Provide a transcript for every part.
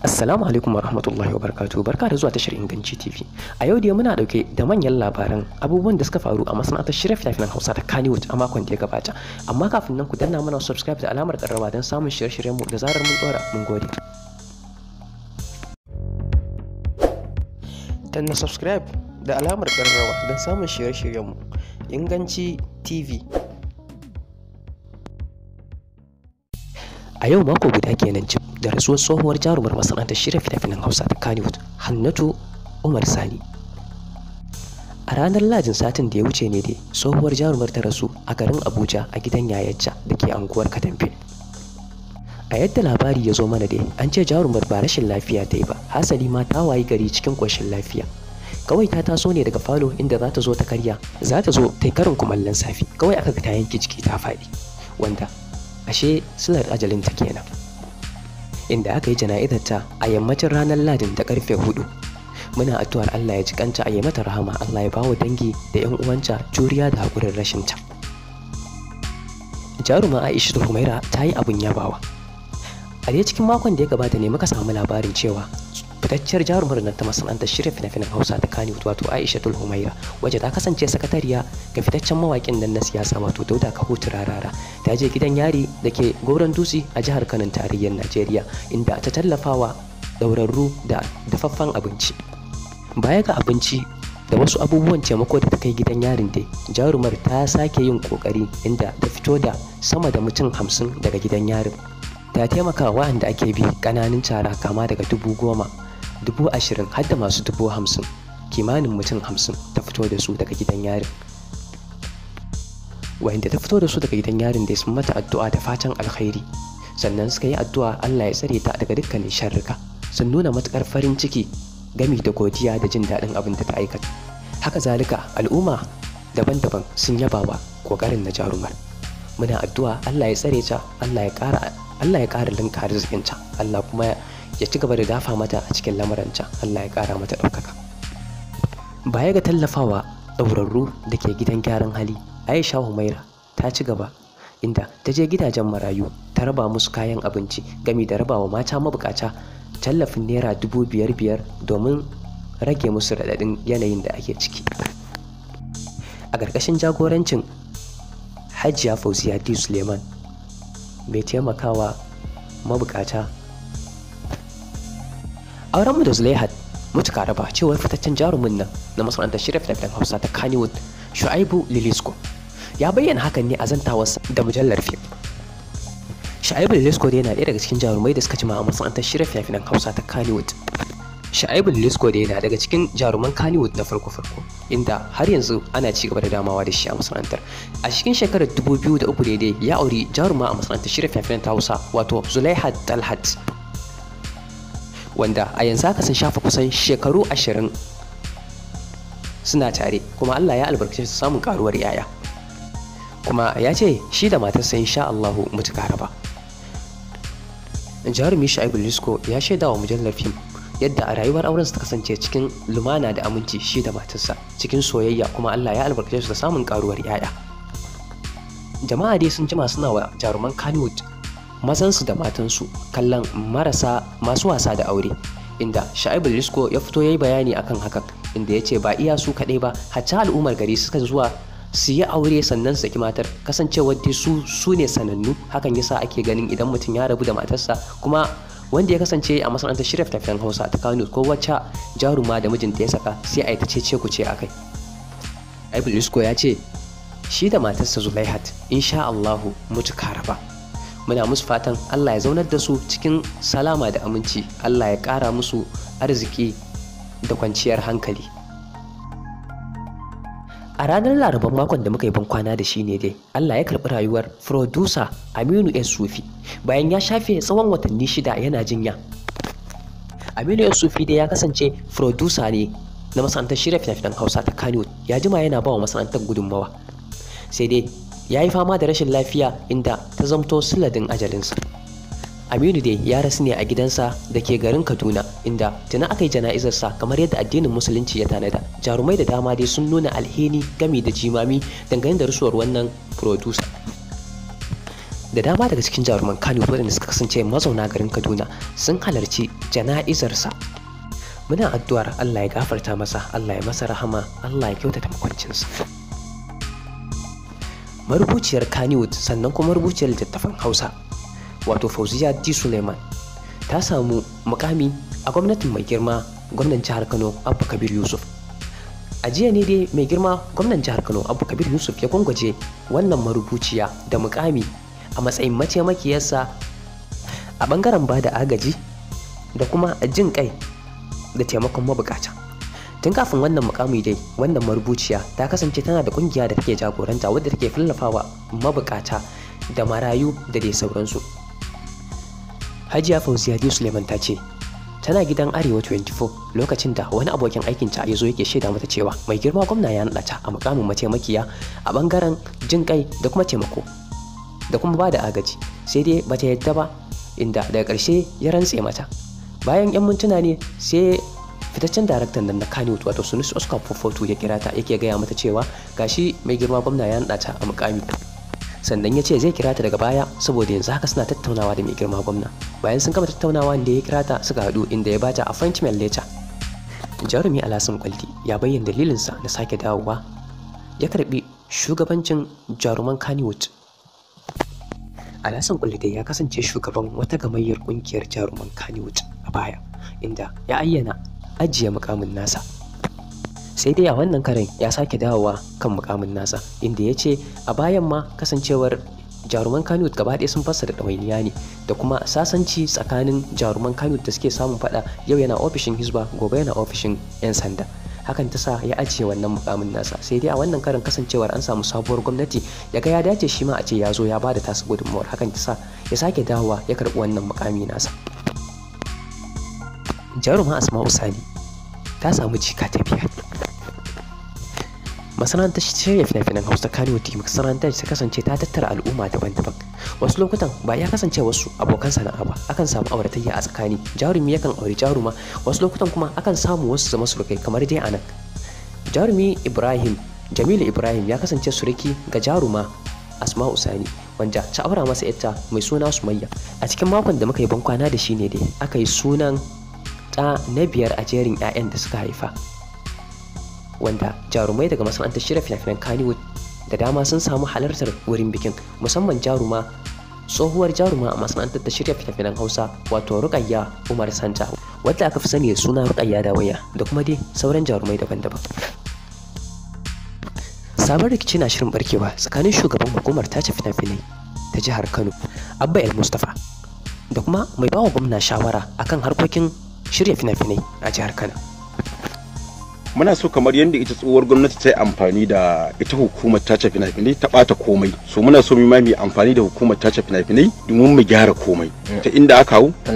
Assalamu alaikum warahmatullahi wabarakatuh barka da zuwa tashar inganci TV a yau dai muna dauke da manyan labaran abubuwan da suka faru a masana'antar shirya fina-finan Hausa ta Kannywood a makon da ya gabata amma kafin nan ku danna mana subscribe da alamar karrawa don samun shirye-shiryen mu da zarar mun dora mun gode danna subscribe da alamar karrawa don samun shirye-shiryen mu inganci TV a yau mako guda kenan cip da rasuwar tsohuwar jarumar masana'antar shirya fina-finan hausa ta kanewood hannatu umar sani a ranar lajin satin da ya wuce ne dai tsohuwar jarumar ta rasu a garin abuja a gidan yayacca da ke anguwar katamfe a yadda labari ya zo mana dai an ce jarumar ba rashin lafiya ta yi ba hasali ma ta wayi gari cikin ƙoshin lafiya kawai ta taso ne daga falo inda za ta zo ta karya za ta zo ta yi karin kumallon safi kawai aka ga ta yanki jiki ta faɗi wanda ashe silar ta kenan inda aka yi jana'izar ta a yammacin ranar Ladin da karfe hudu. Muna addu'ar Allah ya ji kanta a yi mata rahama Allah ya bawa dangi da 'yan uwanta juriya da hakurin rashin ta. Jaruma Aisha da Humaira ta yi abun yabawa. A cikin makon da ya gabata ne muka samu labarin cewa fitacciyar jarumar nan ta masana'antar shirya fina-finan hausa ta wato wato tul humaira wacce ta kasance sakatariya ga fitaccen mawaƙin nan na siyasa wato dauda kaho turarara ta je gidan yari da ke goron dutse a jihar kanon tarayyar najeriya inda ta tallafawa ɗaurarru da dafaffen abinci baya ga abinci da wasu abubuwan taimako da ta kai gidan yarin dai jarumar ta sake yin kokari inda ta fito da sama da mutum hamsin daga gidan yarin ta taimaka wa wa'anda ake bi kananan tara kama daga dubu goma dubu ashirin har da masu dubu hamsin kimanin mutum hamsin ta fito da su daga gidan yarin wayanda ta fito da su daga gidan yarin da sun mata addu'a da fatan alkhairi sannan suka yi addu'a Allah ya tsare ta daga dukkanin sharrika sun nuna matukar farin ciki gami da godiya da jin daɗin abin da ta aikata haka zalika al'umma daban-daban sun yabawa wa ƙoƙarin na jarumar muna addu'a Allah ya tsare ta Allah ya ƙara Allah ya ƙara linka arzikinta Allah kuma ya. ya ci gaba da dafa mata a cikin lamuranta Allah ya ƙara mata ɗaukaka baya ga tallafawa ɗaurarru da ke gidan gyaran hali Aisha Humaira ta ci gaba inda ta je gidajen marayu ta raba musu kayan abinci gami da rabawa mata mabukata tallafin naira dubu biyar biyar domin rage musu raɗaɗin yanayin da ake ciki a ƙarƙashin jagorancin hajiya fauziya d suleiman mai taimakawa mabukata auren mu da zulaihat mutuka raba cewar fitaccen jarumin nan na masana'antar shirya fitafitan hausa ta Kaniwood shu'aibu lilisko ya bayyana hakan ne a zantawarsa da mujallar fim Shu'aibu Lisko dai yana ɗaya daga cikin jarumai da suka jima a masana'antar shirya fina-finan Hausa ta Kannywood. Shu'aibu Lisko dai yana daga cikin jaruman Kaniwood na farko-farko, inda har yanzu ana ci gaba da damawa da shi a masana'antar. A cikin shekarar 2003 daidai ya auri jaruma a masana'antar shirya fina-finan ta Hausa wato Zulaihat Talhat. wanda a yanzu haka sun shafa kusan shekaru ashirin suna tare kuma Allah ya albarkace su samun karuwar yaya kuma ya ce shi da matarsa insha Allahu mutuka raba jarumi Shu'aibu Lisko ya shaida wa mujallar fim yadda a rayuwar auren su ta kasance cikin lumana da aminci shi da matarsa cikin soyayya kuma Allah ya albarkace su da samun karuwar yaya jama'a dai sun jima suna wa jaruman Kannywood mazansu da matansu kallon marasa masu wasa da aure inda sha'ibu risko ya fito ya yi bayani akan hakan inda ya ce ba iya su kaɗai ba hacci al'ummar gari suka zuwa su yi aure sannan saki matar kasancewar dai su su ne sanannu hakan yasa ake ganin idan mutum ya rabu da matarsa kuma wanda ya kasance a masana'antar shirya tafiyan hausa ta kano ko wacce jaruma da mijinta ya saka sai a yi ta ce ku ce akai aibulisko ya ce shi da matarsa zulaihat insha allahu mutu karaba muna musu fatan Allah ya zaunar da su cikin salama da aminci Allah ya ƙara musu arziki da kwanciyar hankali a ranar laraban makon da muka yi bankwana da shi ne dai Allah ya karɓi rayuwar furodusa Aminu S. Sufi bayan ya shafe tsawon watanni shida yana jinya Aminu S. Sufi dai ya kasance furodusa ne na masana'antar shirya fina-finan Hausa ta Kano ya jima yana ba wa masana'antar gudunmawa sai dai ya yi fama da rashin lafiya inda ta zamto siladin ajalinsa aminu dai ya rasu ne a gidansa da ke garin kaduna inda tuna aka yi jana'izarsa kamar yadda addinin musulunci ya tanada jarumai da dama dai sun nuna alheri gami da jimami dangane da rusuwar wannan producer da dama daga cikin jaruman kano waɗanda suka kasance mazauna garin kaduna sun halarci jana'izarsa muna addu'ar allah ya gafarta masa allah ya masa rahama allah ya kyautata makwancinsa marubuciyar kaniwood sannan kuma marubuciyar littattafan hausa wato fauziya d suleiman ta samu mukami a gwamnatin mai girma gwamnan jihar kano abu kabir yusuf a jiya ne dai mai girma gwamnan jihar kano abu kabir yusuf ya gwangwaje wannan marubuciya da mukami a matsayin mataimakiyarsa a bangaren ba da agaji da kuma jin kai da taimakon mabukata tun kafin wannan mukami dai wannan marubuciya ta kasance tana da kungiya da take jagoranta wadda take fallafawa mabukata da marayu da dai sauransu hajiya di suleiman ta ce tana gidan arewa 24 lokacin da wani abokin aikinta ya zo yake shaida mata cewa mai girma gwamna ya naɗa ta a mukamin mataimakiya a bangaren jin kai da kuma taimako da kuma ba da agaji sai dai bata yadda ba inda daga ƙarshe ya rantse mata bayan 'yan mintuna ne sai fitaccen daraktan nan na kanewood wato sunus oscar fofoto ya kira ta yake gaya mata cewa gashi mai girma gwamna ya nada ta a mukami sannan ya ce zai kira ta daga baya saboda yanzu haka suna tattaunawa da mai girma gwamna bayan sun gama tattaunawa da ya kira ta suka haɗu inda ya bata appointment letter jarumi alasan kwalti ya bayyana dalilinsa na sake dawowa ya karbi shugabancin jaruman kanewood alasan kwalti ya kasance shugaban wata gamayyar kungiyar jaruman kanewood a baya inda ya ayyana ajiye mukamin nasa sai dai a wannan karin ya sake dawowa kan mukamin nasa inda ya ce a bayan ma kasancewar jaruman Kano gaba ɗaya sun da ɗawainiya ne da kuma sasanci tsakanin jaruman Kano da suke samun faɗa yau yana ofishin hisba gobe yana ofishin 'yan sanda hakan ta sa ya ajiye wannan mukamin nasa sai dai a wannan karin kasancewar an samu sabuwar gwamnati daga ya dace shi ma a ce ya zo ya bada da tasa gudunmawar hakan ta sa ya sake dawowa ya karɓi wannan mukami nasa jaruma asma'u sani ta samu jika ta biyar masana'antar shirya fina-finan hausa kano team masana'antar ta kasance ta tattara al'umma daban-daban wasu lokutan ba ya kasance wasu abokan sana'a ba akan samu auratayya a tsakani jarumi yakan auri jaruma wasu lokutan kuma akan samu wasu zama surukai kamar dai anan jarumi ibrahim jamilu ibrahim ya kasance suruki ga jaruma asma'u sani wanda ta aura masa ita mai suna sumayya a cikin makon da muka yi bankwana da shi ne dai aka yi sunan ɗa na biyar a jerin 'ya'yan da suka haifa wanda jarumai daga masana'antar shirya fina-finan Kaniwood da dama sun samu halartar wurin bikin musamman jaruma tsohuwar jaruma a masana'antar da shirya fina-finan hausa wato rukayya umar santa wadda aka fi sani da suna rukayya da waya da kuma dai sauran jarumai daban-daban sabon rikici na shirin barkewa tsakanin shugaban hukumar tace fina-finai ta jihar kano abba el mustapha da kuma mai bawa gwamna shawara akan harkokin shirya fina-finai a jihar Kano. muna so kamar yadda ita tsohuwar gwamnati ta yi amfani da ita hukumar tace fina-finai ta bata komai so muna so mu ma mu amfani da hukumar tace fina-finai domin mu gyara komai ta hmm. inda aka hau ta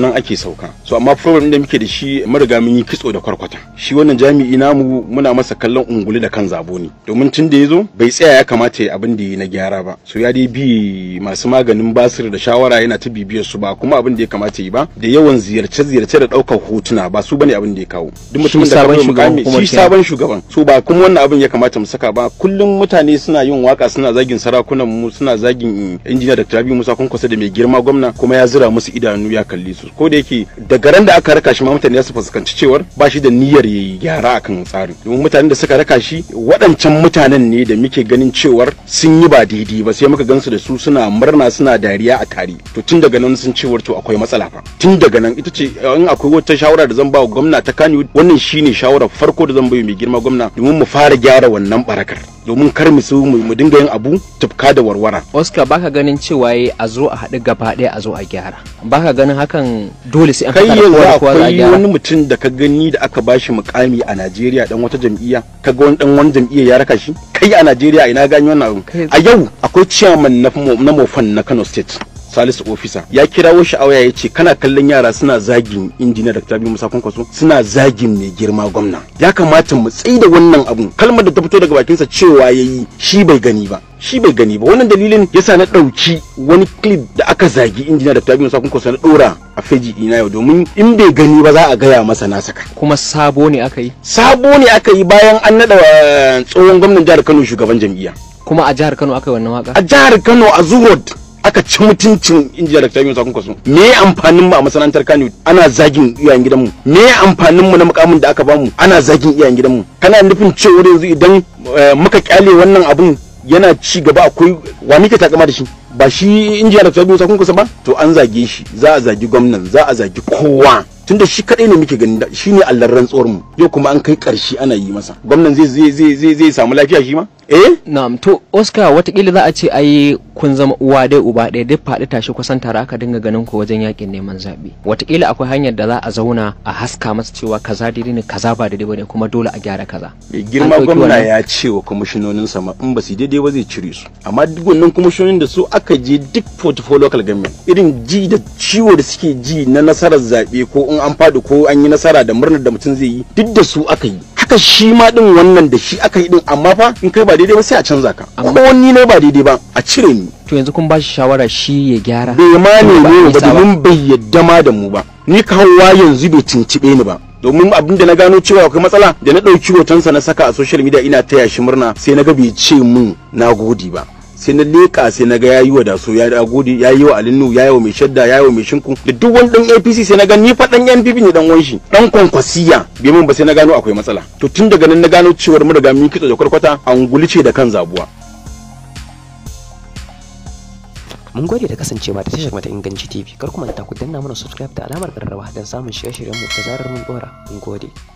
nan ake sauka so amma problem da muke da shi mariga mun yi kitso da kwarkwata shi wannan jami'i namu muna masa kallon ungulu da kan zabo ne domin tun da ya zo bai tsaya ya kamata ya abin da ya na gyara ba so ya dai bi masu maganin basir da shawara yana ta bibiyar su ba kuma abin da ya kamata yi ba da yawan ziyarce-ziyarce da daukar hotuna ba su bane abin da ya kawo duk mutumin da me shi sabon shugaban su ba kuma wannan abin ya kamata mu saka ba kullum mutane suna yin waka suna zagin sarakunan mu suna zagin injiniya Dr. Rabi Musa kun kusa da mai girma gwamna kuma ya zira musu idanu ya kalli su ko da yake da garan da aka raka shi ma mutane su fuskanci cewar ba shi da niyyar yayi gyara akan tsari domin mutanen da suka raka shi waɗancan mutanen ne da muke ganin cewar sun yi ba daidai ba sai muka gansu da su suna murna suna dariya a tare to tun daga nan sun cewar to akwai matsala fa tun daga nan ita ce in akwai wata shawara da zan ba wa gwamna ta Kano wannan shine shawara farko da zan bayo mai girma gwamna domin mu fara gyara wannan barakar domin kar mu su mu dinga yin abu tufka da warwara Oscar baka ganin cewa yayi eh, a zo a haɗu gaba ɗaya a zo a gyara baka ganin hakan dole sai an kai yanzu akwai wani mutum da ka gani da aka bashi mukami a Najeriya dan wata jam'iyya ka wani dan wani jam'iyya ya raka shi kai a Najeriya ina gani wannan a yau akwai chairman na mofan na Kano state salisu ofisa ya kirawo shi a waya ya ce kana kallon yara suna zagin injiniya da tabi musa kwankwaso suna zagin mai girma gwamna ya kamata mu tsayi da wannan abun kalmar da ta fito daga bakinsa cewa yayi shi bai gani ba shi bai gani ba wannan dalilin yasa na ɗauki wani clip da aka zagi injiniya da tabi musa kwankwaso na ɗora a feji ina yau domin in bai gani ba za a gaya masa na saka kuma sabo ne aka yi sabo ne aka yi bayan an naɗa eh, tsohon gwamnan jihar kano shugaban jam'iyya kuma a jihar kano aka yi wannan waka a jihar kano a zuhud aka ci mutuncin injiya da tayi sakon kaso. me amfanin mu a masana'antar kano ana zagin iyayen gidanmu me amfanin mu na mukamin da aka bamu ana zagin iyayen gidanmu kana nufin cewa yanzu idan eh, muka kyale wannan abun yana ci gaba akwai wa ke takama da shi ba shi injiya da tayi sakon kaso ba to an zage shi za a zagi gwamnan za a zagi kowa tunda shi kadai ne muke ganin shine allan rantsuwar mu yau kuma an kai karshe ana yi masa gwamnan zai zai zai zai samu lafiya shi ma eh na'am to oscar watakila za a ce yi kun zama uwa dai uba ɗaya duk faɗi tashi kusan tare aka dinga ganin ku wajen yakin neman zaɓe watakila akwai hanyar da za a zauna a haska masa cewa kaza daidai ne kaza ba daidai ne kuma dole a gyara kaza girma gwamna ya ce wa kwamishinonin sama in ba su daidai ba zai cire su amma duk wannan kwamishinonin da su aka je duk portfolio local government irin ji da ciwo da suke ji na nasarar zaɓe ko in an faɗi ko an yi nasara da murnar da mutum zai yi duk da su aka yi haka shi ma din wannan da shi aka yi din amma fa in kai ba daidai ba sai a canza ka ko ni ne ba daidai ba a cire ni to yanzu kun ba shi shawara shi ya gyara bai ma ne ba domin bai yadda ma da mu ba ni kawowa yanzu bai tuntube ni ba domin abin da na gano cewa akwai matsala da na ɗauki hotonsa na saka a social media ina taya shi murna sai na ga bai ce mun na gode ba sai na leka sai na ga yi wa daso ya ya yi wa alinu yi wa mai shadda yi wa mai shinku da duk wani dan APC sai na ga ni fa dan NPP ne ɗan wanshi dan kwankwasiya bai min ba sai na gano akwai matsala to tun daga nan na gano cewar mu daga mun kitso da kwarkwata an gulice da kan zabuwa mun gode da kasancewa da tashar mata inganci tv kar ku manta ku danna mana subscribe da alamar karrawa don samun shirye-shiryen mu da zarar mun dora mun gode